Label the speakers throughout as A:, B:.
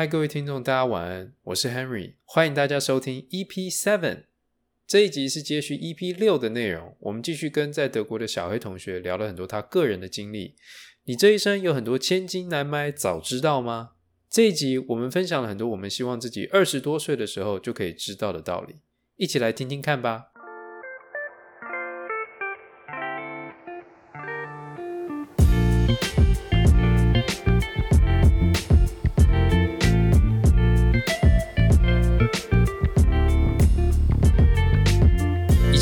A: 嗨，各位聽眾，大家晚安，我是 Henry，歡迎大家收聽 EP7。這一集是接續 EP6 的內容，我們繼續跟在德國的小黑同學聊了很多他個人的經歷。你這一生有很多千金難買，早知道嗎？這一集我們分享了很多我們希望自己二十多歲的時候就可以知道的道理，一起來聽聽看吧。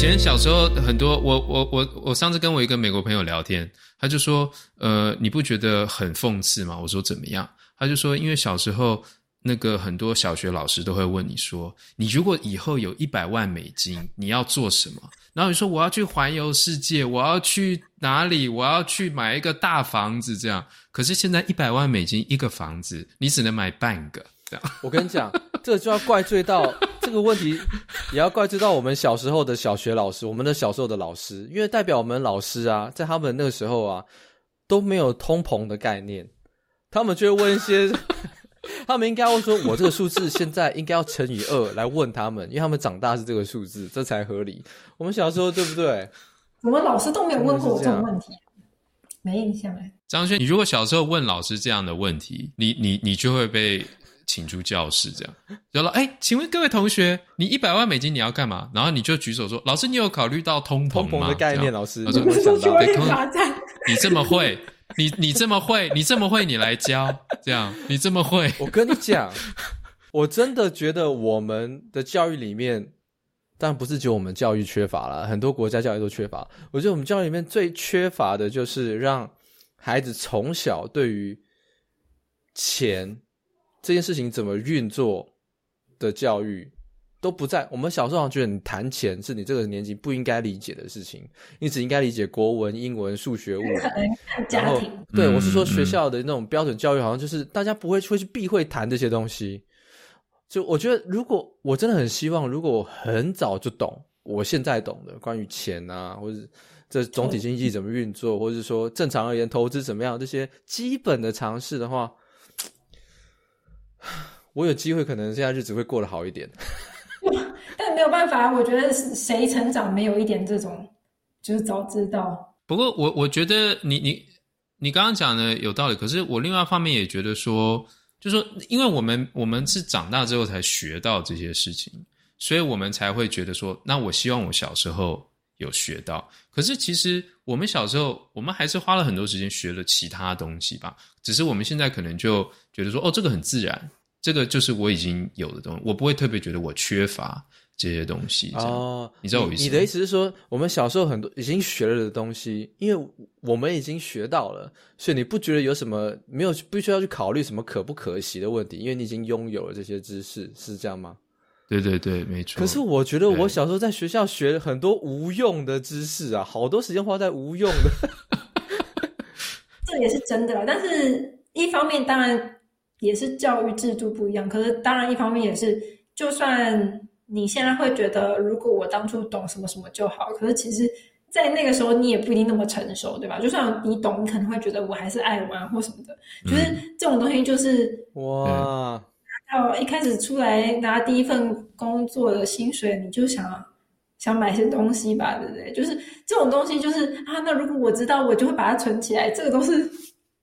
A: 以前小時候很多，我我我我上次跟我一個美國朋友聊天，他就說，呃，你不覺得很諷刺嗎？我說怎麼樣？他就說，因為小時候那個很多小學老師都會問你說，你如果以後有一百萬美金，你要做什麼？然後你說我要去環遊世界，我要去哪裡？我要去買一個大房子這樣。可是現在一百萬美金一個房子，你只能買半個。這樣，我跟你講，
B: 這就要怪罪到這個問題，也要怪罪到我們小時候的小學老師，我們的小時候的老師，因為代表我們老師啊，在他們那個時候啊，都沒有通膨的概念，他們就會問一些， 他們應該會說， 我這個數字現在應該要乘以二來問他們，因為他們長大是這個數字，這才合理。我們小時候對不對？我
C: 們老師都沒有問過我這種問題，沒印象
A: 哎。張軒，你如果小時候問老師這樣的問題，你你你就會被。請出教室，這樣，然後，哎，請問各位同學，你一百萬美金你要幹嘛？然後你就舉手說，老師，你有考慮到通膨嗎？通膨的概念，老師，老師到
C: 你
A: 這麼會， 你你這麼會，你這麼會，你來教，這樣，你這麼會。我跟你講，
B: 我真的覺得我們的教育裡面，當然不是只有我們教育缺乏啦，很多國家教育都缺乏。我覺得我們教育裡面最缺乏的就是讓孩子從小對於錢。這件事情怎麼運作的？教育都不在我們小時候，好像覺得你談錢是你這個年紀不應該理解的事情，你只應該理解國文、英文、數學、物理。看
C: 家庭，對我是
B: 說學校的那種標準教育，好像就是大家不會會去避諱談這些東西。就我覺得，如果我真的很希望，如果我很早就懂，我現在懂的關於錢啊，或者這總體經濟怎麼運作，或者是說正常而言投資怎麼樣，這些基本的常識的話。我有機會，可能現在日子會過得好一點，
C: 但沒有辦法。我覺得誰成長沒有一點這種，就是早知道。
A: 不過我，我我覺得你你你剛剛講的有道理。可是，我另外一方面也覺得說，就說因為我們我們是長大之後才學到這些事情，所以我們才會覺得說，那我希望我小時候。有學到，可是其實我們小時候，我們還是花了很多時間學了其他東西吧。只是我們現在可能就覺得說，哦，這個很自然，這個就是我已經有的東西，我不會特別覺得我缺乏這些東西。哦，
B: 你知道我意思嗎？你的意思是說，我們小時候很多已經學了的東西，因為我們已經學到了，所以你不覺得有什麼，沒有，不需要去考慮什麼可不可惜的問題，因為你已經擁有了這些知識，是這樣嗎？
A: 對對對，沒錯。可
B: 是我覺得我小時候在學校學了很多無用的知識啊，好多時間花在無用的 ，
C: 這也是真的啦。但是一方面當然也是教育制度不一樣，可是當然一方面也是，就算你現在會覺得，如果我當初懂什麼什麼就好，可是其實，在那個時候你也不一定那麼成熟，對吧？就算你懂，你可能會覺得我還是愛玩、啊、或什麼的、嗯，就是這種東西就是哇。嗯哦，一開始出來拿第一份工作的薪水，你就想想買些東西吧，對不對？就是這種東西，就是啊。那如果我知道，我就會把它存起來。這個都是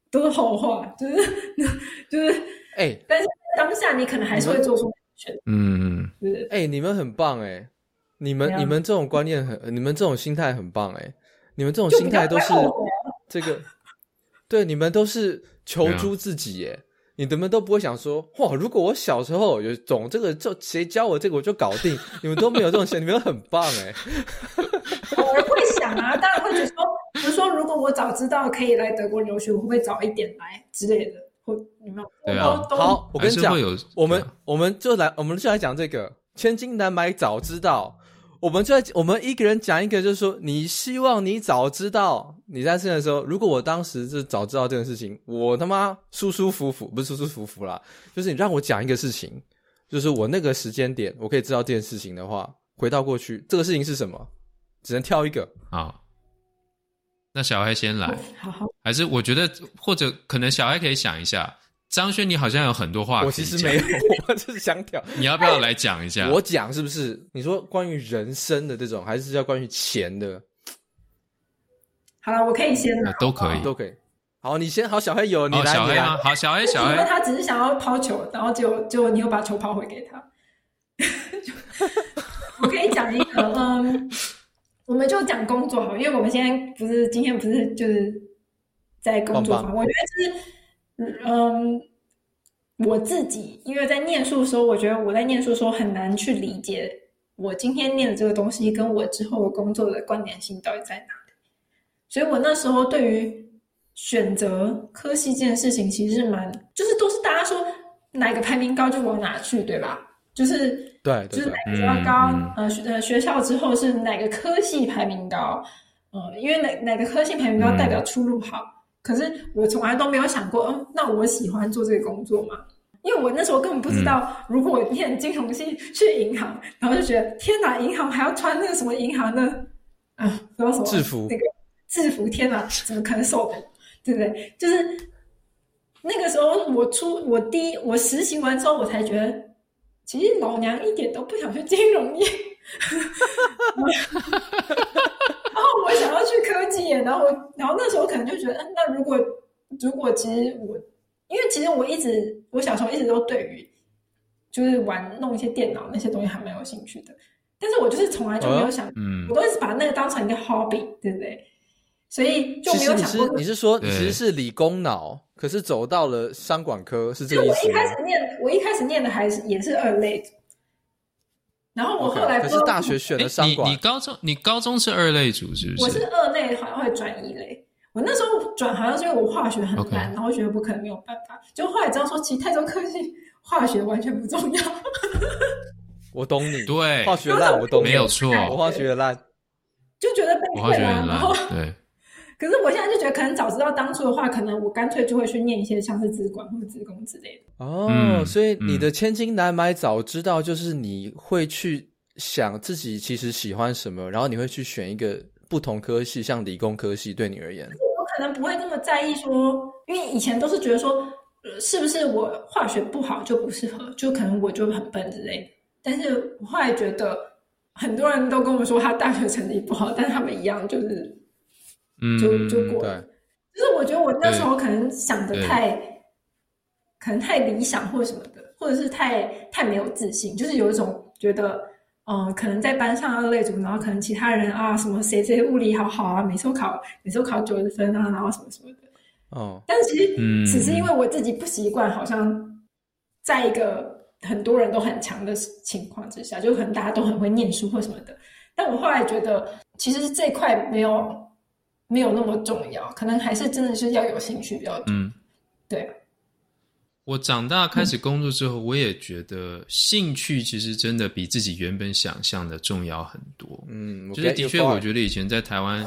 C: 都是後話，就是就是哎、欸。但是當下你可能還是會做出選擇。嗯，是哎、
B: 欸，你們很棒哎、欸，你們你們這種觀念很，你們這種心態很棒哎、欸，你們這種心態都是、啊、這個， 對，你們都是求諸自己耶、欸。你們都不會想說哇！如果我小時候有種，這個，就誰教我這個我就搞定。 你們都沒有這種想， 你們很棒哎。
C: 我會想啊，當然會覺得說，比如說如果我早知道可以來德國留
B: 學，我會不會早一點來之類的？或你們對啊我們，好，我跟你講，啊、我們我們就來，我們就來講這個，千金難買早知道。我們就在我們一個人講一個，就是說，你希望你早知道你在生的時候，如果我當時是早知道這件事情，我他媽舒舒服服，不是舒舒服服啦，就是你讓我講一個事情，就是我那個時間點我可以知道這件事情的話，回到過去，這個事情是什麼？只能挑一個
A: 啊、哦。那小黑先來，哦、好好還是我覺得或者可能小黑可以想一下。張軒，你好像有很多話。我其實沒有， 我就是想挑，你要不要來講一下？哎、我
B: 講是不是？你說關於人生的這種，還是要關於錢的？
C: 好了，我可以先、
B: 呃。都可以、啊，都可以。好，你先。好，小黑有你來。哦、小黑啊，好，小黑，小黑。 只是
C: 他只是想要拋球，然後就，就你又把球拋回給他。 我可以講一個， 嗯，我們就講工作好，因為我們現在不是今天不是就是在工作嘛，我覺得就是。嗯，我自己因為在念書的時候，我覺得我在念書的時候很難去理解我今天念的這個東西跟我之後我工作的關聯性到底在哪裡。所以我那時候對於選擇科系這件事情，其實蠻就是都是大家說哪個排名高就往哪去，對吧？就是
B: 對，對，就是哪個高高，
C: 嗯，呃學呃，學校之後是哪個科系排名高，嗯，呃，因為哪哪個科系排名高代表出路好。嗯可是我從來都沒有想過，嗯，那我喜歡做這個工作嘛？因為我那時候根本不知道，如果我念金融系去銀行、嗯，然後就覺得天哪，銀行還要穿那個什麼銀行的啊，知道什麼制服，那個制服，天哪，怎麼可能受得， 對不對？就是那個時候，我出我第一我實習完之後，我才覺得，其實老娘一點都不想去金融業。 我想要去科技，然後然後那時候可能就覺得，嗯、呃，那如果如果其實我，因為其實我一直我小時候一直都對於就是玩弄一些電腦那些東西還蠻有興趣的，但是我就是從來就沒有想，啊、嗯，我都一直把那個當成一個 hobby，對不對？所以就沒有想過你是。你是說你其實是
B: 理工腦，可是走到了商管科是這意思？我一開始
C: 念，我一開始念的還是也是二類的。然後我後來不 okay，可是大學選
A: 了商管，你你高中你高中是二類組是不是？我是二類，
C: 好像會轉一類。我那時候轉，好像是因為我化學很爛，okay。然後覺得不可能沒有辦法，就後來知道說，其實泰州科技化學完全不重要。
B: 我懂你，對，化學爛，我懂你。沒有錯，我化學爛，
C: 就覺得我化學很爛，對。可是我現在就覺得，可能早知道當初的話，可能我乾脆就會去念一些像是資管或者資工之類
B: 的。哦，所以你的千金難買早知道，就是你會去想自己其實喜歡什麼，然後你會去選一個不同科系，像理工科系對你而言，
C: 我可能不會那麼在意說，因為以前都是覺得說，是不是我化學不好就不適合，就可能我就很笨之類的。但是我後來覺得，很多人都跟我說他大學成績不好，但是他們一樣就是。
A: 就就過了、
C: 嗯，就是我覺得我那時候可能想的太，可能太理想或什麼的，或者是太太沒有自信，就是有一種覺得，嗯、呃，可能在班上二類組，然後可能其他人啊，什麼誰誰物理好好啊，每次都考每次都考九十分，啊，然後什麼什麼的，哦、oh,，但其實只是因為我自己不習慣，好像在一個很多人都很強的情況之下，就可能大家都很會念書或什麼的，但我後來覺得其實這塊沒有。沒有那麼重要，可能還是真的是要有興
A: 趣比較重要。嗯，對。我長大開始工作之後、嗯，我也覺得興趣其實真的比自己原本想象的重要很多。
B: 嗯，就是的確，我覺
A: 得以前在台灣，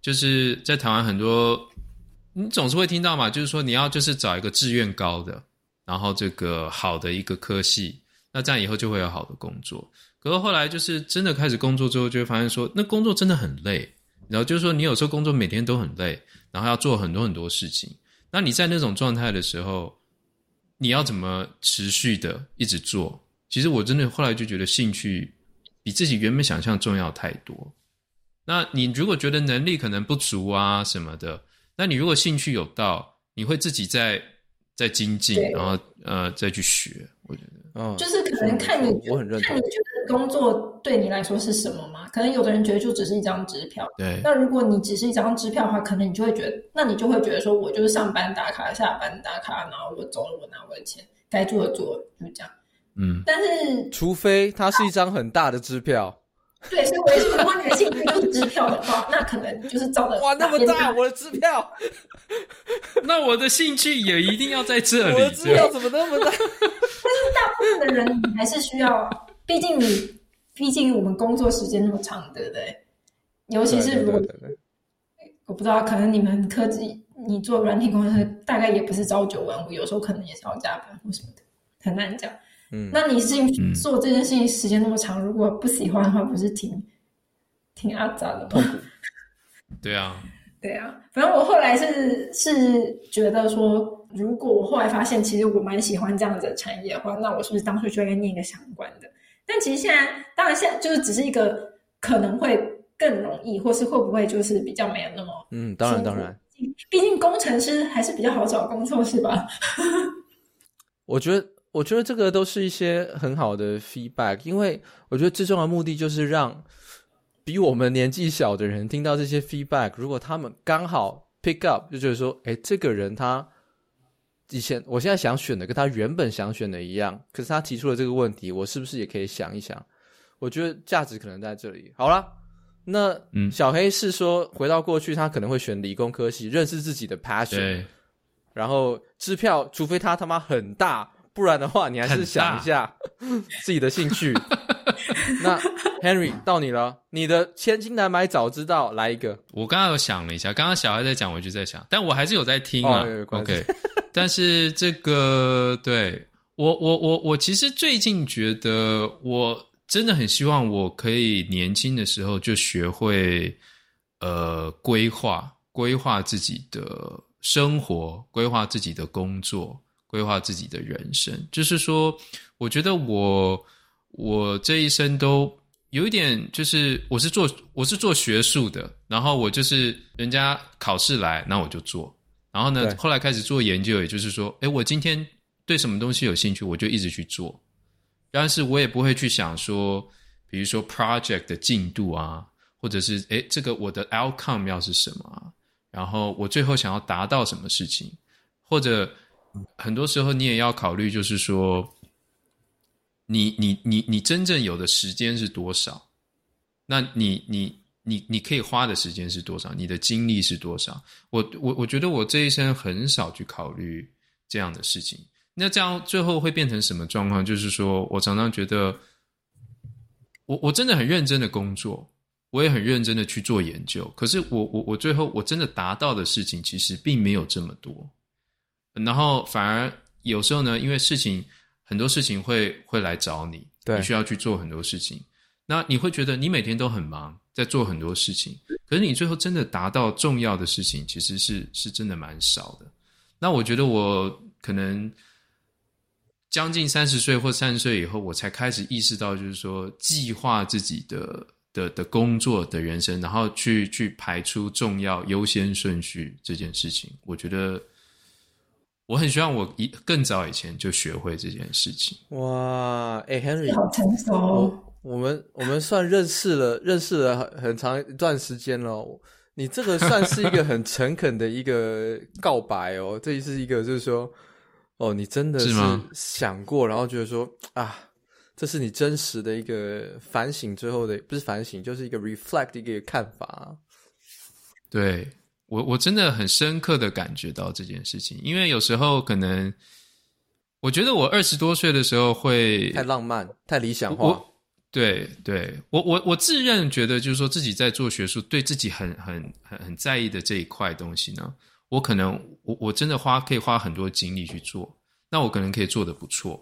A: 就是在台灣很多，你總是會聽到嘛，就是說你要就是找一個志願高的，然後這個好的一個科系，那這樣以後就會有好的工作。可是後來就是真的開始工作之後，就會發現說，那工作真的很累。然後就是說，你有時候工作每天都很累，然後要做很多很多事情。那你在那種狀態的時候，你要怎麼持續的一直做？其實我真的後來就覺得，興趣比自己原本想象重要太多。那你如果覺得能力可能不足啊什麼的，那你如果興趣有到，你會自己再再精進，然後呃再去學。我覺得，嗯，就是可能看你，哦，我很認同。
C: 工作對你來說是什麼嗎？可能有的人覺得就只是一張支票。對。那如果你只是一張支票的話，可能你就會覺得，那你就會覺得說，我就是上班打卡，下班打卡，然後我走了，我拿我的錢，該做的做，就這樣。嗯。但是，
B: 除非它是一張很大的支票。啊、
C: 對，所以我，我也是如果你的興趣就是支票的話， 那可能就是招的，的哇，那麼大，啊、我的支票，
A: 那我的興趣也一定要在這裡。支 票
C: 怎麼那麼大？ 但是大部分的人你還是需要，畢竟你，畢竟我們工作時間那麼長，對不對？尤其是如果我不知道，可能你們科技，你做軟體工程師，大概也不是朝九晚五，有時候可能也是要加班或什麼的，很難講。嗯，那你是做這件事情時間那麼長，嗯，如果不喜歡的話，不是挺挺阿雜的嗎？對
A: 啊， 對啊，
C: 對啊，反正我後來是是覺得說，如果我後來發現其實我蠻喜歡這樣子的產業的話，那我是不是當初就應該念一個相關的？但其實現在，當然現在就是只是一個可能會更容易，或是會不會就是比較沒有
B: 那麼……嗯，當然當然，
C: 畢竟工程師還是比較好找工作，是吧？
B: 我覺得，我覺得這個都是一些很好的 feedback，因為我覺得最重要的目的就是讓比我們年紀小的人聽到這些 feedback，如果他們剛好 pick up，就覺得說，哎、欸，這個人他。以前我現在想選的跟他原本想選的一樣，可是他提出了這個問題，我是不是也可以想一想？我覺得價值可能在這裡。好了，那小黑是說回到過去，他可能會選理工科系，認識自己的 passion。然後支票，除非他他媽很大，不然的話，你還是想一下 自己的興趣。 那 Henry 到你了，你的千金難買早知道，來一個。
A: 我剛剛有想了一下，剛剛小黑在講，我就在想，但我還是有在聽啊。哦、有有有 OK。但是這個對我，我我我其實最近覺得，我真的很希望我可以年輕的時候就學會，呃，規劃規劃自己的生活，規劃自己的工作，規劃自己的人生。就是說，我覺得我我這一生都有一點，就是我是做我是做學術的，然後我就是人家考試來，那我就做。然後呢，後來開始做研究，也就是說，誒，我今天對什麼東西有興趣，我就一直去做。但是我也不會去想說，比如說 project 的進度啊，或者是誒，這個我的 outcome 要是什麼啊，然後我最後想要達到什麼事情，或者很多時候你也要考慮，就是說，你你你你真正有的時間是多少？那你你。你你可以花的時間是多少？你的精力是多少？我我我覺得我這一生很少去考慮這樣的事情。那這樣最後會變成什麼狀況？就是說我常常覺得我，我我真的很認真的工作，我也很認真的去做研究。可是我我我最後我真的達到的事情其實並沒有這麼多。然後反而有時候呢，因為事情很多事情會會來找你，對，你需要去做很多事情。那你會覺得你每天都很忙，在做很多事情，可是你最後真的達到重要的事情，其實是是真的蠻少的。那我覺得我可能將近三十歲或三十歲以後，我才開始意識到，就是說計劃自己的的的工作的人生，然後去去排出重要優先順序這件事情。我覺得我很希望我一更早以前就學會這件事情。
B: 哇，哎，欸，Henry 好成熟哦。我們我們算認識了，認識了很很長一段時間了哦。你這個算是一個很誠懇的一個告白哦，這也是一個就是說，哦，你真的是想過，然後覺得說啊，這是你真實的一個反省之後的，不是反省，就是一個 reflect 的一個看法啊。
A: 對，我，我真的很深刻的感覺到這件事情，因為有時候可能，我覺得我二十多歲的時候會太浪漫、太理想化。對對，我我我自認覺得就是說自己在做學術，對自己很很很很在意的這一塊東西呢，我可能我我真的花可以花很多精力去做，那我可能可以做得不錯。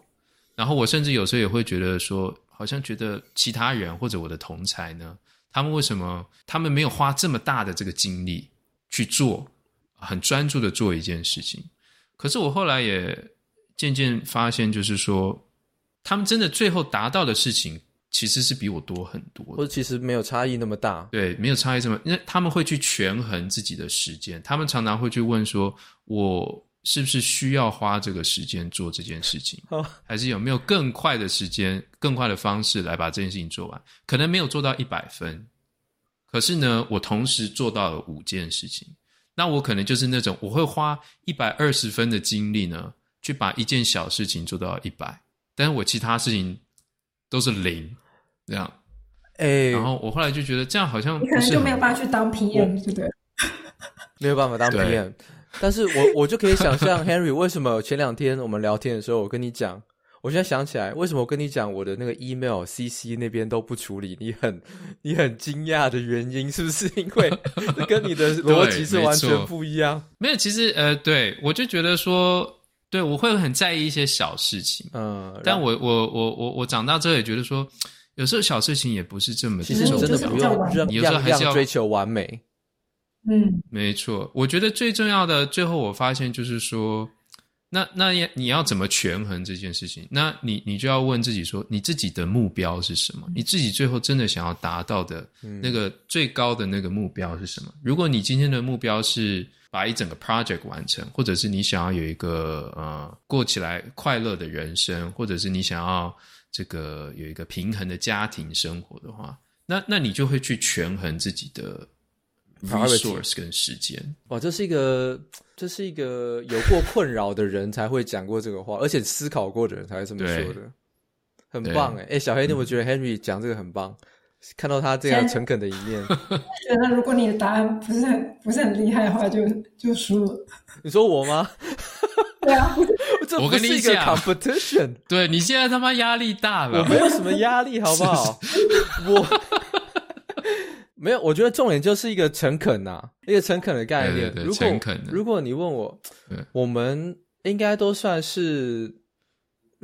A: 然後我甚至有時候也會覺得說，好像覺得其他人或者我的同儕呢，他們為什麼他們沒有花這麼大的這個精力去做，很專注地做一件事情。可是我後來也漸漸發現，就是說，他們真的最後達到的事情。其實是比我多很多的，我其實沒有差異那麼大。對，沒有差異這麼，因為他們會去權衡自己的時間。他們常常會去問說：“我是不是需要花這個時間做這件事情？ 還是有沒有更快的時間、更快的方式來把這件事情做完？”可能沒有做到一百分，可是呢，我同時做到了五件事情。那我可能就是那種我會花一百二十分的精力呢，去把一件小事情做到一百，但是我其他事情。都是零，這樣，哎、欸，然後我後來就覺得這樣好像你可能就沒
C: 有辦法去當 PM，對不
A: 對？沒有辦法當 PM，
B: 但是我我就可以想象 Henry 為什麼前兩天我們聊天的時候，我跟你講， 我現在想起來為什麼我跟你講我的那個 email CC 那邊都不處理，你很你很驚訝的原因是不是？因為跟你的邏輯是完全不一樣。
A: 沒,沒有，其實呃，對我就覺得說。對，我會很在意一些小事情，嗯，但我我我我我長大之後也覺得說，有時候小事情也不是這麼重要，其實真的不用，有時候還是要追求完美，嗯，沒錯，我覺得最重要的最後我發現就是說，那那你要怎麼權衡這件事情？那你你就要問自己說，你自己的目標是什麼？你自己最後真的想要達到的那個最高的那個目標是什麼？嗯、如果你今天的目標是。把一整個 project 完成，或者是你想要有一個呃過起來快樂的人生，或者是你想要這個有一個平衡的家庭生活的話，那那你就會去權衡自己的 resource 跟時間。
B: 哇，這是一個這是一個有過困擾的人才會講過這個話，而且思考過的人才會這麼說的。很棒哎、欸，小黑，你有沒有覺得 Henry 講這個很棒？嗯看到他這樣誠懇的一面，
C: 那 如果你的答案不是很不是很厲害的話就，就就輸了。
B: 你說我嗎？
C: 對啊，這 不是一個
B: competition。我跟你講，
A: 對你現在他媽壓力大了， 沒有什麼壓
C: 力，好不好？是是
B: 我沒有，我覺得重點就是一個誠懇吶、啊，一個誠懇的概念。對對對如果誠懇如果你問我，我們應該都算是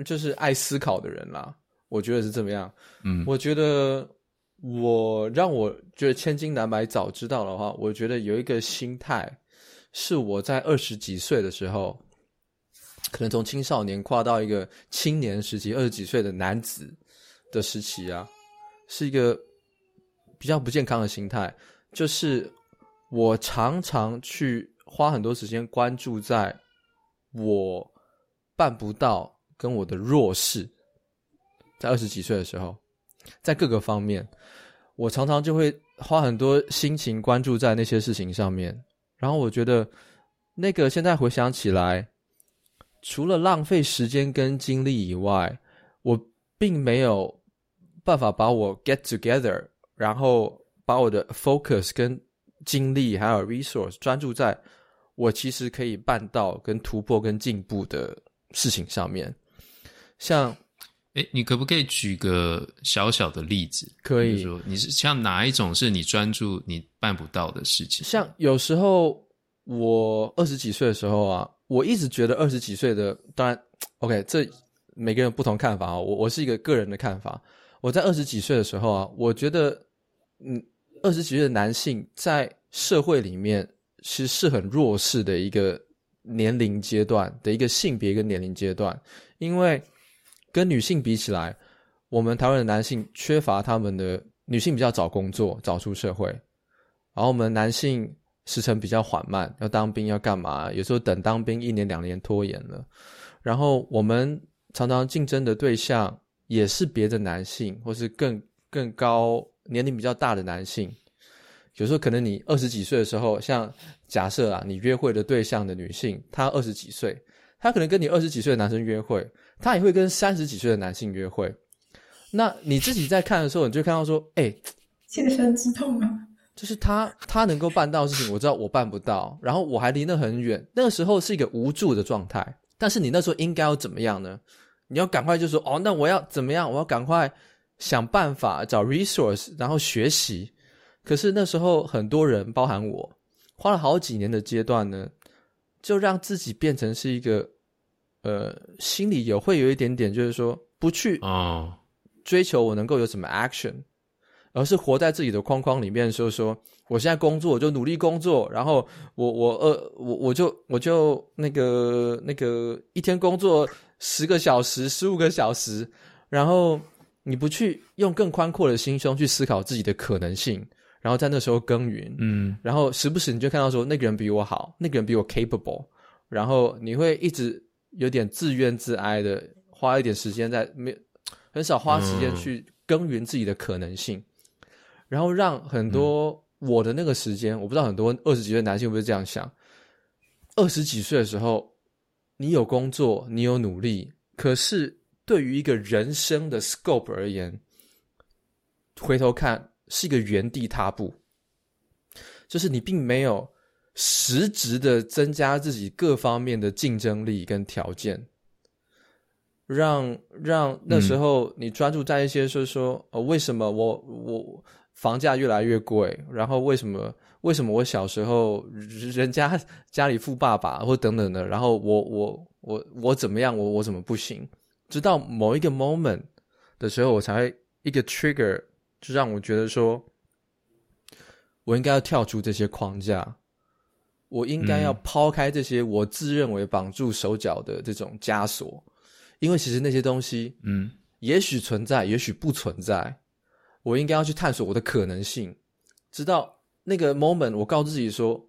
B: 就是愛思考的人啦，我覺得是怎麼樣？嗯，我覺得。我讓我覺得千金難買早知道的話，我覺得有一個心態，是我在二十幾歲的時候，可能從青少年跨到一個青年時期，二十幾歲的男子的時期啊，是一個比較不健康的心態，就是我常常去花很多時間關注在我辦不到跟我的弱勢，在二十幾歲的時候。在各個方面，我常常就會花很多心情關注在那些事情上面。然後我覺得，那個現在回想起來，除了浪費時間跟精力以外，我並沒有辦法把我 get together，然後把我的 focus 跟精力還有 resource 專注在我其實可以辦到跟突破跟進步的事情上面。像。
A: 哎，你可不可以舉個小小的例子？可以。就是說你是像哪一種是你專注你辦不到的事情？
B: 像有時候我二十幾歲的時候啊，我一直覺得二十幾歲的，當然 OK，這每個人不同看法啊、哦，我我是一個個人的看法。我在二十幾歲的時候啊，我覺得嗯，二十幾歲的男性在社會裡面其實是很弱勢的一個年齡階段的一個性別跟年齡階段，因為。跟女性比起來，我們台灣的男性缺乏他們的女性比較早工作，早出社會，然後我們男性時程比較緩慢，要當兵要幹嘛，有時候等當兵一年兩年拖延了，然後我們常常競爭的對象也是別的男性，或是更更高年齡比較大的男性。有時候可能你二十幾歲的時候，像假設啊，你約會的對象的女性她二十幾歲，她可能跟你二十幾歲的男生約會。他也會跟三十幾歲的男性約會。那你自己在看的時候，你就會看到說：“哎、欸，切身
C: 之痛啊！”就是他，
B: 他能夠辦到的事情，我知道我辦不到，然後我還離得很遠。那個時候是一個無助的狀態。但是你那時候應該要怎麼樣呢？你要趕快就說：“哦，那我要怎麼樣？我要趕快想辦法找 resource，然後學習。”可是那時候很多人，包含我，花了好幾年的階段呢，就讓自己變成是一個。呃，心裡也會有一點點，就是說，不去啊追求我能夠有什麼 action，哦，而是活在自己的框框裡面，所以說說我現在工作，我就努力工作，然後我我呃我我就我就那個那個一天工作十個小時十五個小時，然後你不去用更寬闊的心胸去思考自己的可能性，然後在那時候耕耘。嗯，然後時不時你就看到說那個人比我好，那個人比我 capable，然後你會一直。有點自怨自哀的，花一點時間在沒有很少花時間去耕耘自己的可能性，嗯，然後讓很多我的那個時間，嗯、我不知道很多二十幾歲男性會不會這樣想？二十幾歲的時候，你有工作，你有努力，可是對於一個人生的 scope 而言，回頭看是一個原地踏步，就是你並沒有。實質的增加自己各方面的競爭力跟條件，讓讓那時候你專注在一些就是說說呃、嗯哦、為什麼我我房價越來越貴，然後為什麼為什麼我小時候人家家裡富爸爸或等等的，然後我我我我怎麼樣我我怎麼不行？直到某一個 moment 的時候，我才會一個 trigger 就讓我覺得說，我應該要跳出這些框架。我應該要拋開這些我自認為綁住手腳的這種枷鎖，因為其實那些東西，嗯，也許存在，也許不存在。我應該要去探索我的可能性，直到那個 moment，我告訴自己說，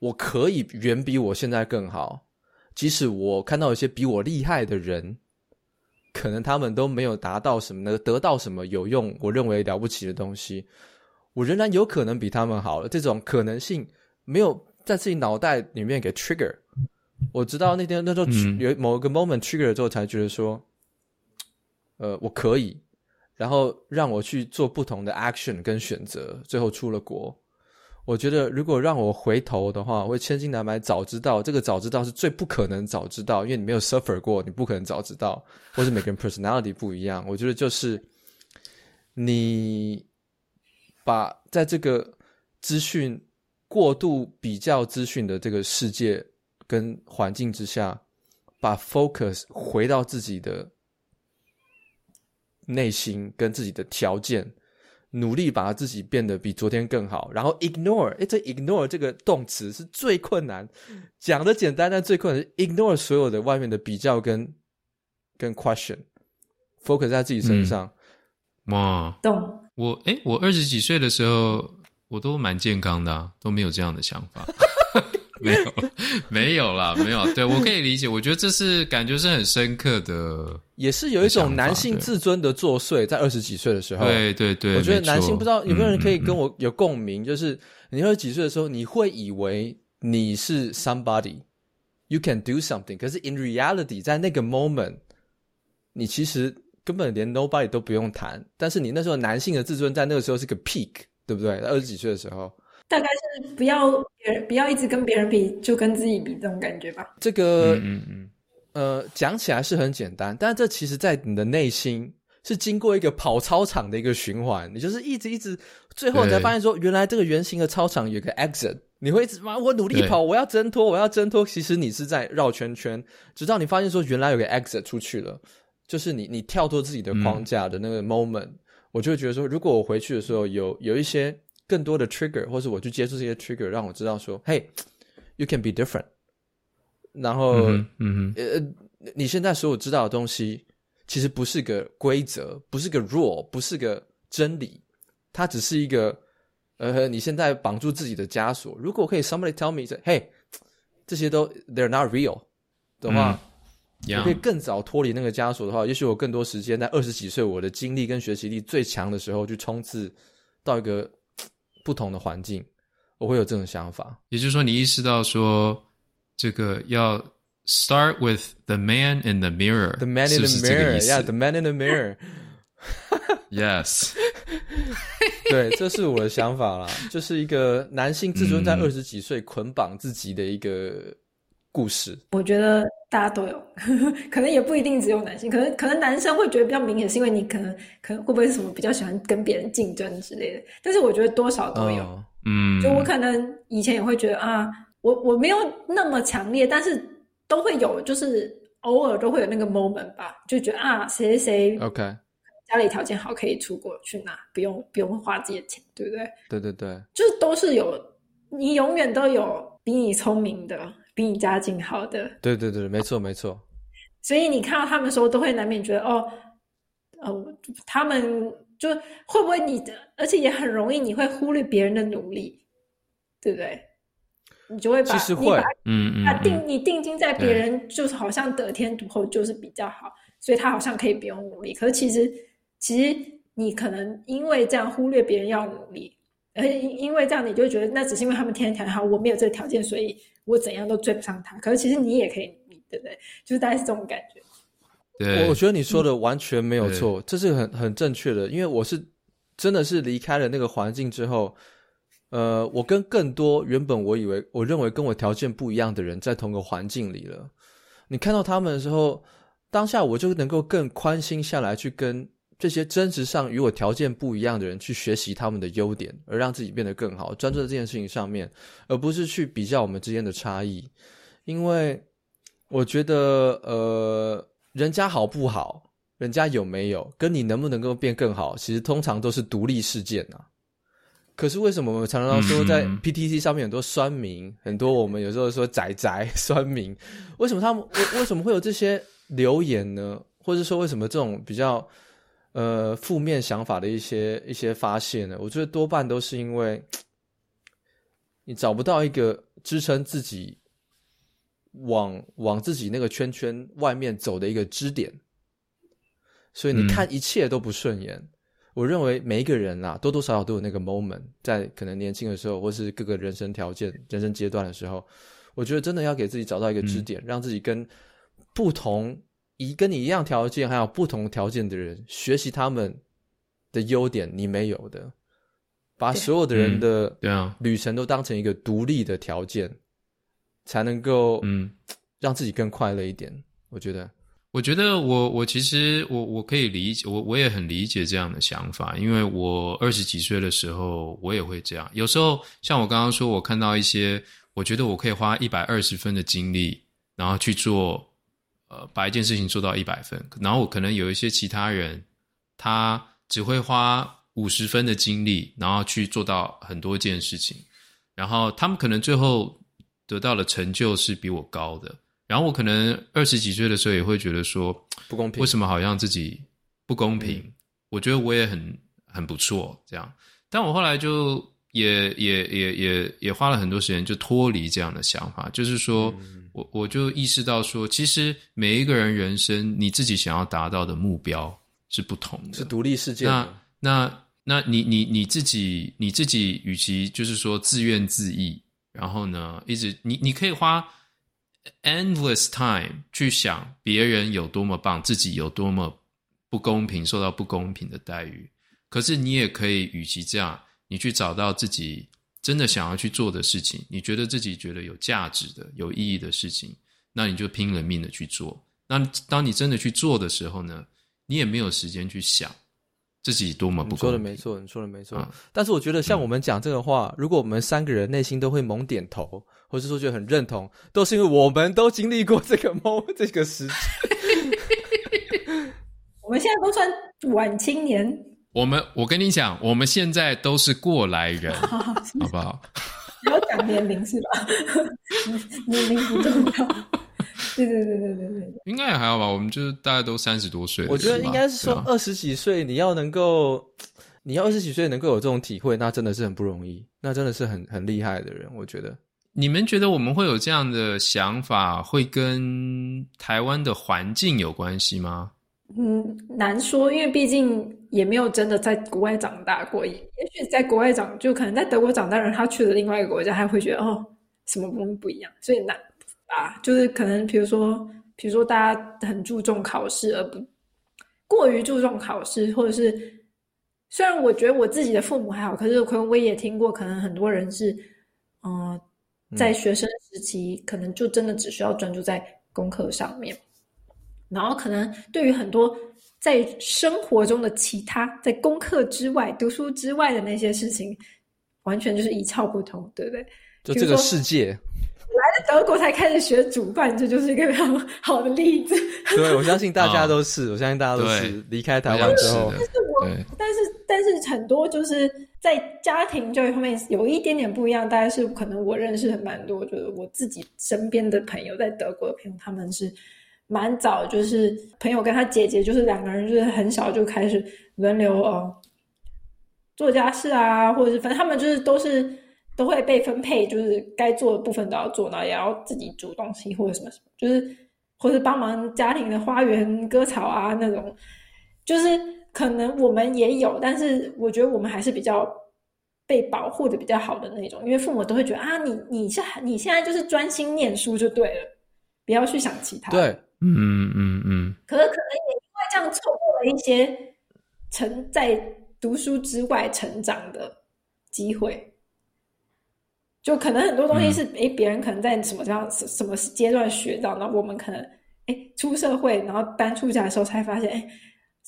B: 我可以遠比我現在更好。即使我看到一些比我厲害的人，可能他們都沒有達到什麼、得到什麼有用，我認為了不起的東西，我仍然有可能比他們好了。這種可能性沒有。在自己腦袋裡面給 trigger，我直到那天那時候有某一個 moment trigger 了之後，才覺得說，嗯，呃，我可以，然後讓我去做不同的 action 跟選擇，最後出了國。我覺得如果讓我回頭的話，我會千金難買早知道。這個早知道是最不可能早知道，因為你沒有 suffer 過，你不可能早知道。或是每個人 personality 不一樣，我覺得就是你把在這個資訊。過度比較資訊的這個世界跟環境之下，把 focus 回到自己的內心跟自己的條件，努力把自己變得比昨天更好。然後 ignore 哎，這 ignore 這個動詞是最困難，講的簡單但最困難是 ignore 所有的外面的比較跟跟 question，focus
A: 在自己身上。嗯、哇，動我哎，我二十幾歲的時候。我都蠻健康的啊，都沒有這樣的想法， 沒有， 沒有啦，沒有。對，我可以理解，我覺得這是感覺是很深刻的，也是
B: 有一種男性自尊的作祟，在二十幾歲的時候。對對對，對，我覺得男性不知道有沒有人可以跟我有共鳴、嗯嗯嗯，就是你二十幾歲的時候，你會以為你是 somebody，you can do something，可是 in reality，在那個 moment，你其實根本連 nobody 都不用談，但是你那時候男性的自尊在那個時候是個 peak。對不對？二十幾歲的時候，
C: 大概是不要別人，不要一直跟別人比，就跟自己比這種感覺吧。
B: 這個嗯嗯嗯，呃，講起來是很簡單，但是這其實，在你的內心是經過一個跑操場的一個循環。你就是一直一直，最後你才發現說，原來這個圓形的操場有個 exit。你會一直，哇，我努力跑，我要掙脫，我要掙脫。其實你是在繞圈圈，直到你發現說，原來有個 exit 出去了，就是你你跳脫自己的框架的那個 moment、嗯。我就會覺得說，如果我回去的時候有有一些更多的 trigger，或是我去接觸這些 trigger，讓我知道說，嘿，hey，you can be different。然後，嗯，嗯呃，你現在所有知道的東西，其實不是個規則，不是個 rule，不是個真理，它只是一個，呃，你現在綁住自己的枷鎖。如果可以，somebody tell me 說，嘿，這些都 they're not real 的話。嗯 Young. 我可以更早脫離那個枷鎖的話，也許我更多時間在二十幾歲，我的精力跟學習力最強的時候去衝刺，到一個不同的環境，我會有這種想法。
A: 也就是說，你意識到說，這個要 start with the man in the mirror，The man in the mirror. 是不是這個意思？Yeah, the
B: man in the mirror.
A: yes。 對，這
B: 是我的想法啦， 就是一個男性自尊在二十幾歲捆綁自己的一個故事，
C: 我覺得大家都有，可能也不一定只有男性，可能可能男生會覺得比較明顯，是因為你可能可能會不會是什麼比較喜歡跟別人競爭之類的，但是我覺得多少都有，嗯、oh, um.，就我可能以前也會覺得啊，我我沒有那麼強烈，但是都會有，就是偶爾都會有那個 moment 吧，就覺得啊，誰誰誰，OK，家裡條件好可以出國去哪，okay. 不用不用花自己的錢，對不對？對對對，就都是有，你永遠都有比你聰明的。比你家境好的，
B: 對對對，沒錯沒錯。
C: 所以你看到他們的時候，都會難免覺得哦，哦，他們就會不會你的，而且也很容易你會忽略別人的努力，對不對？你就會把其實會，嗯，嗯嗯他定你定睛在別人、嗯，就是好像得天獨厚，就是比較好，所以他好像可以不用努力。可是其實，其實你可能因為這樣忽略別人要努力，而因為這樣你就覺得那只是因為他們天天條件好，我沒有這個條件，所以。我怎樣都追不上他，可是其實你也可以，對不對？就是大概是這種感覺。
B: 對，我覺得你說的完全沒有錯，嗯，這是很很正確的。因為我是真的是離開了那個環境之後，呃，我跟更多原本我以為、我認為跟我條件不一樣的人在同個環境裡了。你看到他們的時候，當下我就能夠更寬心下來，去跟。這些真實上與我條件不一樣的人去學習他們的優點，而讓自己變得更好，專注在這件事情上面，而不是去比較我們之間的差異。因為我覺得，呃，人家好不好，人家有沒有，跟你能不能夠變更好，其實通常都是獨立事件吶、啊。可是為什麼我們常常說，在 PTC 上面很多酸民，嗯、很多我們有時候說宅宅酸民，為什麼他們 為什麼會有這些留言呢？或者說為什麼這種比較？呃，負面想法的一些一些發現呢，我覺得多半都是因為你找不到一個支撐自己往往自己那個圈圈外面走的一個支點，所以你看一切都不順眼，嗯。我認為每一個人啊，多多少少都有那個 moment，在可能年輕的時候，或是各個人生條件、人生階段的時候，我覺得真的要給自己找到一個支點，嗯，讓自己跟不同。以跟你一樣條件，還有不同條件的人學習他們的優點，你沒有的，把所有的人的對啊旅程都當成一個獨立的條件，嗯啊，才能夠嗯讓自己更快樂一點。我覺得，
A: 我覺得我我其實我我可以理解，我我也很理解這樣的想法，因為我二十幾歲的時候我也會這樣。有時候像我剛剛說，我看到一些，我覺得我可以花一百二十分的精力，然後去做。呃，把一件事情做到一百分，然後我可能有一些其他人，他只會花五十分的精力，然後去做到很多件事情，然後他們可能最後得到的成就是比我高的。然後我可能二十幾歲的時候也會覺得說不公平，為什麼好像自己不公平？嗯、我覺得我也很很不錯，這樣。但我後來就也也也也也花了很多時間，就脫離這樣的想法，就是說。嗯我我就意識到說，其實每一個人人生，你自己想要達到的目標是不同的，是獨立世界的。那那那你你你自己你自己，與其就是說自怨自艾，然後呢，一直你你可以花 endless time 去想別人有多麼棒，自己有多麼不公平，受到不公平的待遇。可是你也可以，與其這樣，你去找到自己。真的想要去做的事情，你覺得自己覺得有價值的、有意義的事情，那你就拼了命的去做。那當你真的去做的時候呢，你也沒有時間去想自己多麼不夠。你說的沒
B: 錯，你說的沒錯。啊、但是我覺得，像我們講這個話、嗯，如果我們三個人內心都會猛點頭，或者說覺得很認同，都是因
A: 為我們都經歷過這個 moment，這個時期。
C: 我們現在都算晚青年。
A: 我們，我跟你講，我們現在都是過來人， 好不好？
C: 要 講年齡是吧？年齡不重要。 對對對對對
A: 對，應該也還好吧。我們就是大概都三十多歲，我覺得應該是說
B: 二十幾歲，啊，你要能夠，你要二十幾歲能夠有這種體會，那真的是
A: 很不容易，那真的是很
B: 很厲害的人。我覺得，
A: 你們覺得我們會有這樣的想法，會跟台灣的環境有關係嗎？嗯，
C: 難說，因為畢竟。也沒有真的在國外長大過，也許在國外長，就可能在德國長大人，他去了另外一個國家，他會覺得哦，什麼東西不，不一樣。所以那啊，就是可能，比如說，比如說，大家很注重考試，而不過於注重考試，或者是雖然我覺得我自己的父母還好，可是可能我也聽過，可能很多人是嗯、呃，在學生時期可能就真的只需要專注在功課上面，嗯、然後可能對於很多。在生活中的其他，在功課之外、讀書之外的那些事情，完全就是一竅不通，對不對？就這個世界，來了德國才開始學煮飯，這就、就是一個非常好的例子。
B: 對，我相信大家都是，啊、我相信大家都是離開台灣之後。
C: 但是，我但是但是很多就是在家庭教育方面有一點點不一樣。大概是可能我認識很蠻多，就是我自己身邊的朋友在德國的朋友，他們是。蠻早就是朋友跟他姐姐，就是兩個人，就是很小就開始輪流呃做家事啊，或者是反正他們就是都是都會被分配，就是該做的部分都要做，然後也要自己煮東西或者什麼什麼，就是或者幫忙家庭的花園割草啊那種。就是可能我們也有，但是我覺得我們還是比較被保護的比較好的那種，因為父母都會覺得啊，你你是你現在就是專心念書就對了，不要去想其他。對。
B: 嗯嗯
C: 嗯，可是可能也因為這樣錯過了一些成在讀書之外成長的機會，就可能很多東西是，嗯、誒，別人可能在什麼這樣什麼階段學到，那我們可能誒，出社會然後搬出家的時候才發現誒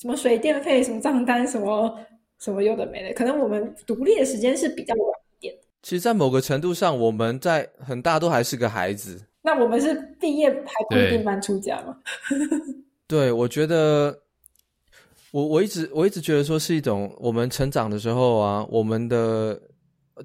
C: 什麼水電費什麼賬單什麼什麼有的沒的，可能我們獨立的時間是比較晚一點。
B: 其實，在某個程度上，我們在很大都還是個孩子。
C: 那我們是畢業還不一定搬出家嗎？
B: 對？對，我覺得，我我一直我一直覺得說是一種我們成長的時候啊，我們的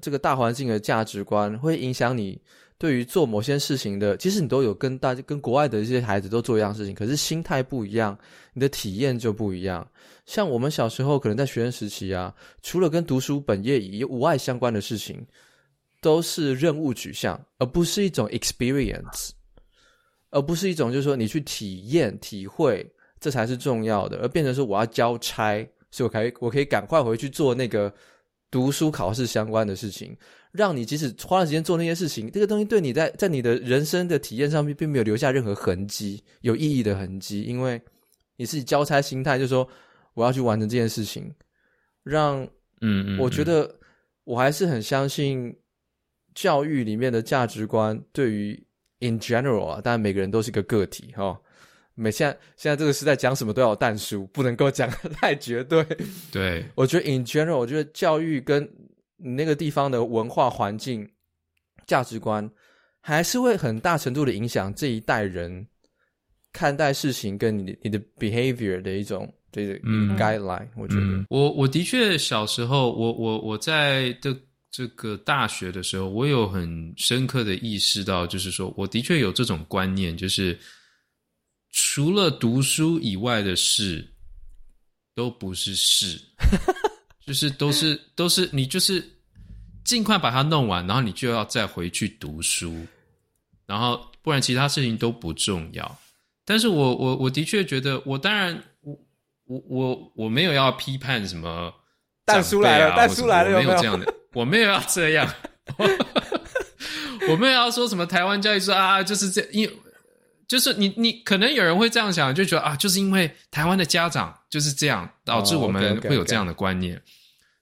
B: 這個大環境的價值觀會影響你對於做某些事情的。其實你都有跟大跟國外的一些孩子都做一樣的事情，可是心態不一樣，你的體驗就不一樣。像我們小時候可能在學生時期啊，除了跟讀書本業以外相關的事情。都是任務取向，而不是一種 experience，而不是一種就是說你去體驗、體會，這才是重要的。而變成說我要交差，所以我可以我可以趕快回去做那個讀書考試相關的事情。讓你即使花了時間做那些事情，這個東西對你在在你的人生的體驗上面並沒有留下任何痕跡、有意義的痕跡，因為你是以交差心態，就是說我要去完成這件事情。讓嗯，我覺得我還是很相信，教育裡面的價值觀，對於 in general 啊，當然每個人都是一個個體哈、哦。每現在現在這個時代講什麼都要有，但書，不能夠講得太絕對。對，我覺得 in general，我覺得教育跟那個地方的文化環境、價值觀，還是會很大程度的影響這一代人看待事情跟你你的 behavior 的一種
A: 這個、就是、嗯 guideline。我覺得、嗯、我我的確小時候，我我我在的。這個大學的時候，我有很深刻的意識到，就是說，我的確有這種觀念，就是除了讀書以外的事，都不是事， 就是都是都是你就是儘快把它弄完，然後你就要再回去讀書，然後不然其他事情都不重要。但是我我我的確覺得，我當然我我我我沒有要批判什麼大叔、啊、來了，大叔來了有沒有這樣的？ 我沒有要這樣 我沒有要說什麼台灣教育說啊，就是這因，就是你你可能有人會這樣想，就覺得啊，就是因為台灣的家長就是這樣，導致我們會有這樣的觀念。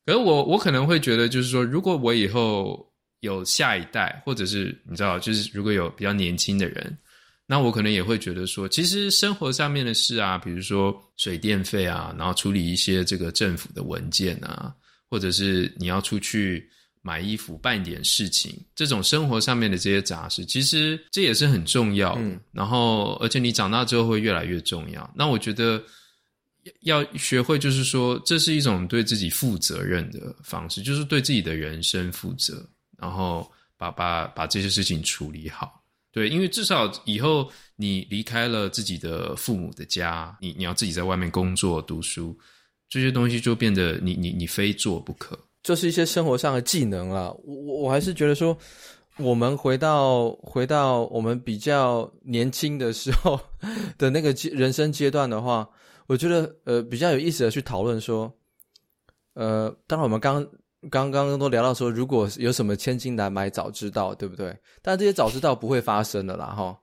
A: 可是我我可能會覺得，就是說，如果我以後有下一代，或者是你知道，就是如果有比較年輕的人，那我可能也會覺得說，其實生活上面的事啊，比如說水電費啊，然後處理一些這個政府的文件啊。或者是你要出去買衣服、辦點事情，這種生活上面的這些雜事，其實這也是很重要。嗯。然後，而且你長大之後會越來越重要。那我覺得要學會，就是說，這是一種對自己負責任的方式，就是對自己的人生負責，然後把把把這些事情處理好。對，因為至少以後你離開了自己的父母的家，你你要自己在外面工作、讀書。這些東西就變得你你你非做不可，
B: 就是一些生活上的技能啦。我我我還是覺得說，我們回到回到我們比較年輕的時候的那個階人生階段的話，我覺得呃比較有意思的去討論說，呃當然我們剛剛剛都聊到說，如果有什麼千金難買早知道，對不對？但這些早知道不會發生的啦哈。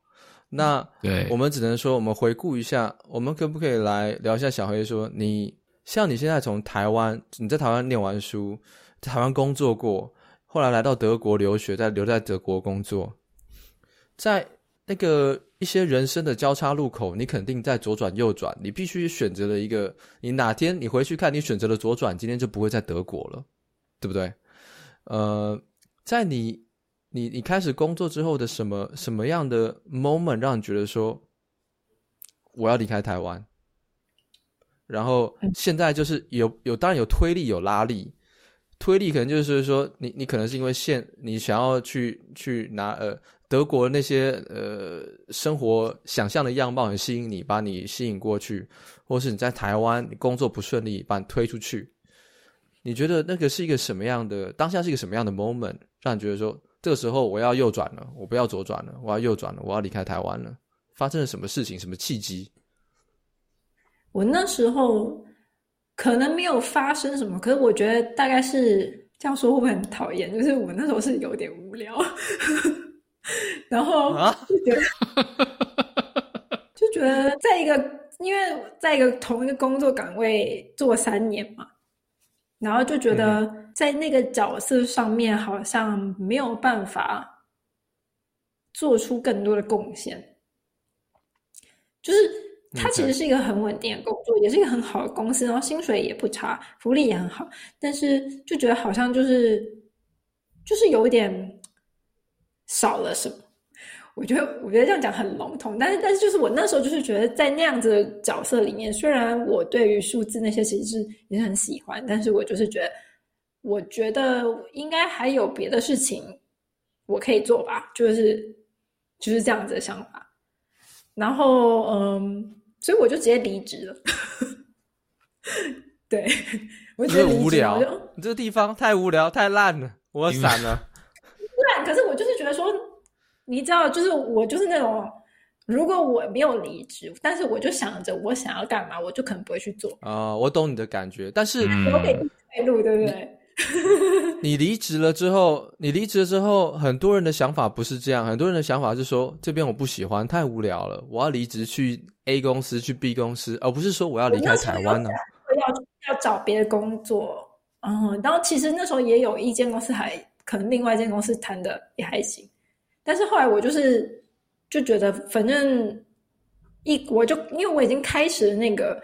B: 那對，我們只能說，我們回顧一下，我們可不可以來聊一下小黑說你？像你現在從台灣，你在台灣念完書，在台灣工作過，後來來到德國留學，再留在德國工作，在那個一些人生的交叉路口，你肯定在左轉右轉，你必須選擇了一個。你哪天你回去看，你選擇了左轉，今天就不會在德國了，對不對？呃，在你你你開始工作之後的什麼什麼樣的 moment，讓你覺得說我要離開台灣？然後現在就是有有，當然有推力有拉力，推力可能就是說你你可能是因為現你想要去去拿呃德國那些呃生活想象的樣貌很吸引你，把你吸引過去，或是你在台灣你工作不順利把你推出去，你覺得那個是一個什麼樣的當下是一個什麼樣的 moment，讓你覺得說這個時候我要右轉了，我不要左轉了，我要右轉了，我要離開台灣了，發生了什麼事情，什麼契機？
C: 我那時候可能沒有發生什麼，可是我覺得大概是這樣說會不會很討厭？就是我那時候是有點無聊， 然後就覺得就覺得在一個因為在一個同一個工作崗位做三年嘛，然後就覺得在那個角色上面好像沒有辦法做出更多的貢獻，就是。它其實是一個很穩定的工作，Okay. 也是一個很好的公司，然後薪水也不差，福利也很好，但是就覺得好像就是，就是有點少了什麼。我覺得，我覺得這樣講很籠統，但是，但是就是我那時候就是覺得，在那樣子的角色裡面，雖然我對於數字那些其實是也是很喜歡，但是我就是覺得，我覺得應該還有別的事情我可以做吧，就是就是這樣子的想法。然後，嗯。所以我就直接離職了。 對，我覺得無聊，
B: 你這個地方太無聊太爛了，我散了。
C: 然 可是我就是覺得說，你知道，就是我就是那種，如果我沒有離職，但是我就想着我想要幹嘛，我就可能不會去做。
B: 啊、哦，我懂你的感覺，但是 我給你
C: 退路、嗯，對不對？嗯
B: 你離職了之後，你離職了之後，很多人的想法不是這樣，很多人的想法是說，這邊我不喜歡，太無聊了，我要離職去 A 公司，去 B 公司，而、哦、不是說我要離開台灣呢、
C: 啊？要要找別的工作，嗯，然後其實那時候也有一間公司還可能另外一間公司談的也還行，但是後來我就是就覺得反正一我就因為我已經開始那個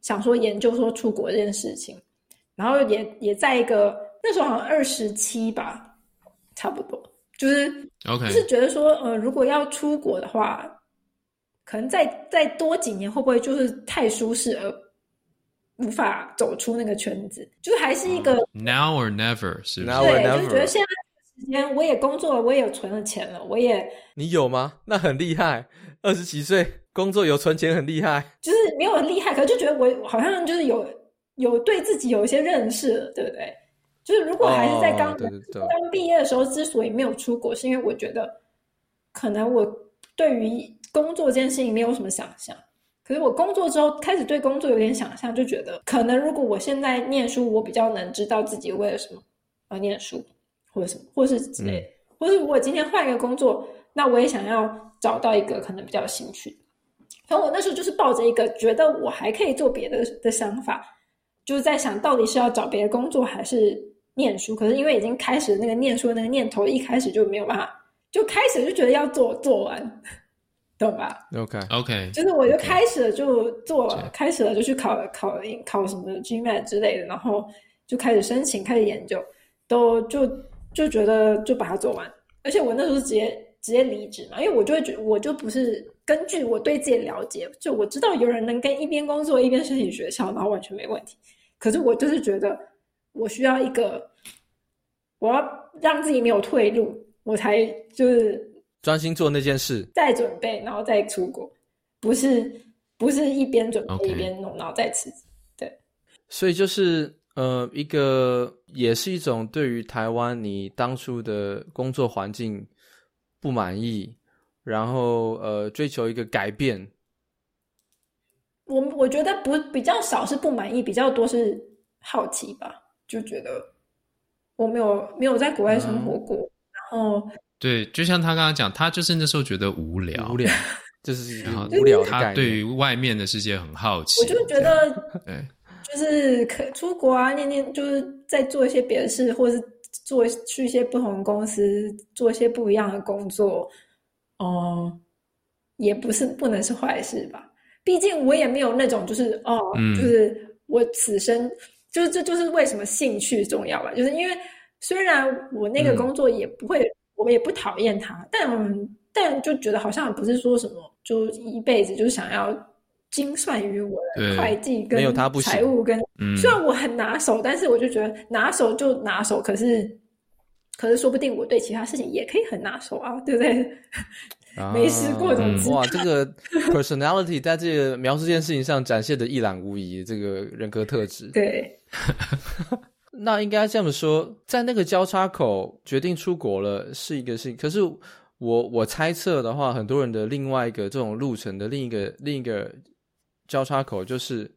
C: 想說研究說出國這件事情。然後也也在一個那時候好像二十七吧，差不多就是、okay. 就是覺得說呃，如果要出國的話，可能再再多幾年會不會就是太舒適而無法走出那個圈子？就是還是一個、
A: uh, Now or Never，是 now 對，就
C: 是、覺得現在時間，我也工作了，我也存了錢了，我也
B: 你有嗎？那很厲害，二十幾歲工作有存錢很厲害，
C: 就是沒有很厲害，可是就覺得我好像就是有。有對自己有一些認識了，對不對？就是如果還是在剛剛畢業的時候，之所以沒有出國、oh, 對對對，是因為我覺得可能我對於工作這件事情沒有什麼想象。可是我工作之後開始對工作有點想象，就覺得可能如果我現在念書，我比較能知道自己為了什麼而念書，或者什麼，或者是之類的、嗯，或是如果今天換一個工作，那我也想要找到一個可能比較有興趣的。然後我那時候就是抱着一個覺得我還可以做別的的想法。就是在想到底是要找別的工作還是念書，可是因為已經開始那個念書那個念頭一開始就沒有辦法，就開始就覺得要做做完，
A: 懂吧？OK OK，就
C: 是我就開始了就做了，okay. 開始了就去考考、okay. 考什麼 GMAT 之類的，okay. 然後就開始申請，開始研究，都就就覺得就把它做完。而且我那時候直接直接離職嘛，因為我就會覺得我就不是根據我對自己的了解，就我知道有人能跟一邊工作一邊申請學校，然後完全沒問題。可是我就是覺得，我需要一個，我要讓自己沒有退路，我才就是
B: 專心做那件事，
C: 再準備，然後再出國，不是不是一邊準備一邊弄，Okay. 然後再辭職，對。
B: 所以就是呃，一個也是一種對於台灣你當初的工作環境不滿意，然後呃追求一個改變。
C: 我我覺得不比較少是不滿意，比較多是好奇吧，就覺得我沒有沒有在國外生活過，嗯、然後
A: 對，就像他剛剛講，他就是那時候覺得無聊，無聊， 就是就無聊。他對於外面的世界很好奇，我就覺得，對，
C: 就是可出國啊，念念就是在做一些別的事，或是做去一些不同的公司，做一些不一樣的工作，哦、嗯，也不是不能是壞事吧。畢竟我也沒有那種就是哦，就是我此生，嗯、就是這就，就，就是為什麼興趣重要吧，就是因為雖然我那個工作也不會，嗯、我也不討厭他，但但就覺得好像不是說什麼就一輩子就是想要精算於我的會計跟財務跟，嗯、雖然我很拿手，但是我就覺得拿手就拿手，可是可是說不定我對其他事情也可以很拿手啊，對不對？ 沒試過，哇，
B: 這個 personality 在這個描述這件事情上展現得一覽無遺，這個人格特質。對， 那應該這麼說，在那個交叉口決定出國了是一個事情，可是我我猜測的話，很多人的另外一個這種路程的另一個另一個交叉口，就是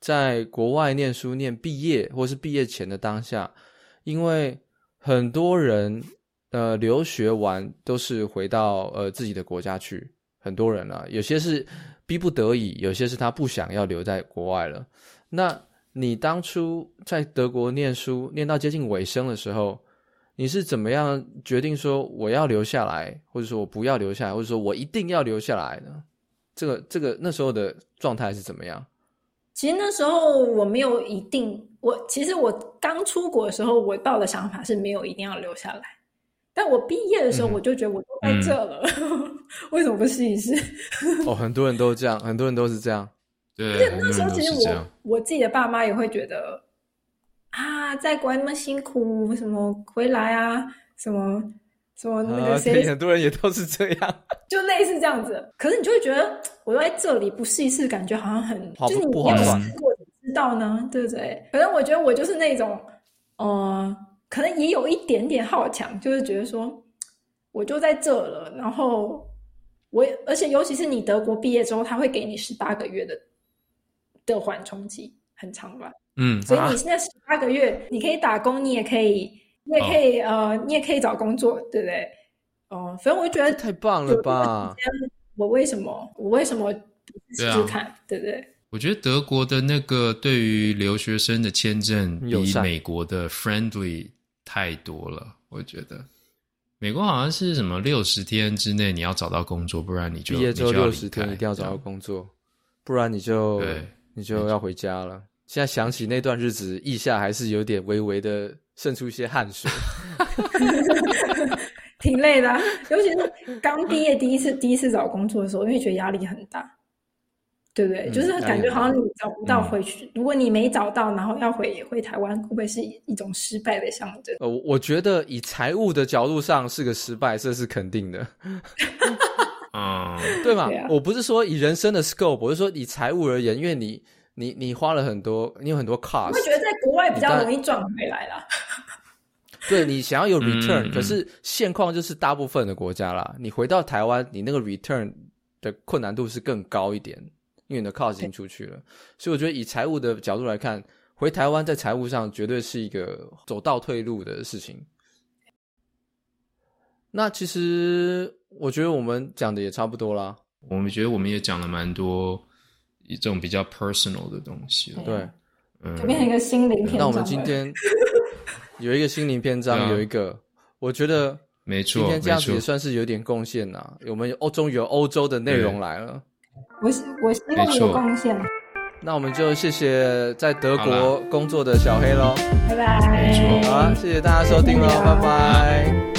B: 在國外念書、念畢業，或是畢業前的當下，因為很多人。呃，留學完都是回到呃自己的國家去，很多人啊，有些是逼不得已，有些是他不想要留在國外了。那你當初在德國念書，念到接近尾聲的時候，你是怎麼樣決定說我要留下來，或者說我不要留下來，或者說我一定要留下來呢？這個這個那時候的狀態是怎麼樣？
C: 其實那時候我沒有一定，我其實我剛出國的時候，我抱的想法是沒有一定要留下來。但我畢業的時候，我就覺得我都在這了，嗯，嗯、 為什麼不試一試？
B: 哦，很多人都這樣，很多人都是這樣。 對，而且那時候其實我
C: 我自己的爸媽也會覺得，啊，在國外那麼辛苦，什麼回來啊，什麼什麼那個誰、啊，很
B: 多人也都是這樣，
C: 就類似這樣子。 可是你就會覺得，我都在這裡不試一試，感覺好像很就是、你要是不划算，我知道呢？對不對？反正我覺得我就是那種，哦、呃。可能也有一點點好強，就是覺得說，我就在這了，然後我，而且尤其是你德國畢業之後，他會給你十八個月的的緩衝期，很長吧？嗯，
A: 所以你現在
C: 十八個月，啊，你可以打工，你也可以，
A: 你也可以、
C: 哦、呃，你也可以找工作，對不對？哦，反正我覺得太棒了吧！我為什麼我為什麼
A: 不試試看、啊、試試看？對不對？我覺得德國的那個對於留學生的簽證比美國的 friendly。太多了，我覺得。美國好像是什麼六十天之內你要找到工作，不然你就畢業之後六十
B: 天一定要找到工作，不然你就，對，你就要回家了。現在想起那段日子，腋下還是有點微微的滲出一些汗水，
C: 挺累的。尤其是剛畢業第一次第一次找工作的時候，因為覺得壓力很大。對不對、嗯？就是感覺好像你找不到回去。嗯、如果你沒找到，嗯、然後要回回台灣，會不會是一種失敗的象徵？呃，
B: 我覺得以財務的角度上是個失敗，這是肯定的。啊， 對嘛、啊？我不是說以人生的 scope，我是說以財務而言，因為你你你花了很多，你有很多 cost。我覺得
C: 在國外比較容易賺回來啦。
B: 你對你想要有 return、嗯、可是現況就是大部分的國家啦，你回到台灣，你那個 return 的困難度是更高一點。因為你的 cost 已經出去了，所以我覺得以財務的角度來看，回台灣在財務上絕對是一個走倒退路的事情。那其實
A: 我覺得我們講
B: 的也差不多啦。
A: 我們覺得我們也講了蠻多一種比較 personal 的東西，對，嗯，變
C: 成一個心靈篇章、嗯。那我們今天
A: 有一個心靈篇章， 有一個，
B: 我覺得沒錯，今天這樣子也算是有點貢獻吶。我們歐終於有歐洲的內容來了。
C: 我希，我希望有貢獻。
B: 那我們就謝謝在德國工作的小黑嘍，
C: 拜拜。好啦，謝謝大家收聽嘍，啊，拜拜。